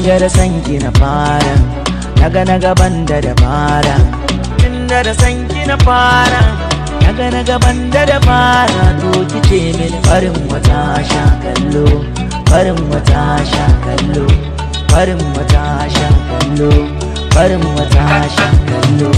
canja da sanki na fara naga na gaban da dabara tunda da sanki na fara naga na gaban da dabara to kice min farin wata sha kallo farin wata sha kallo farin wata sha kallo farin wata sha kallo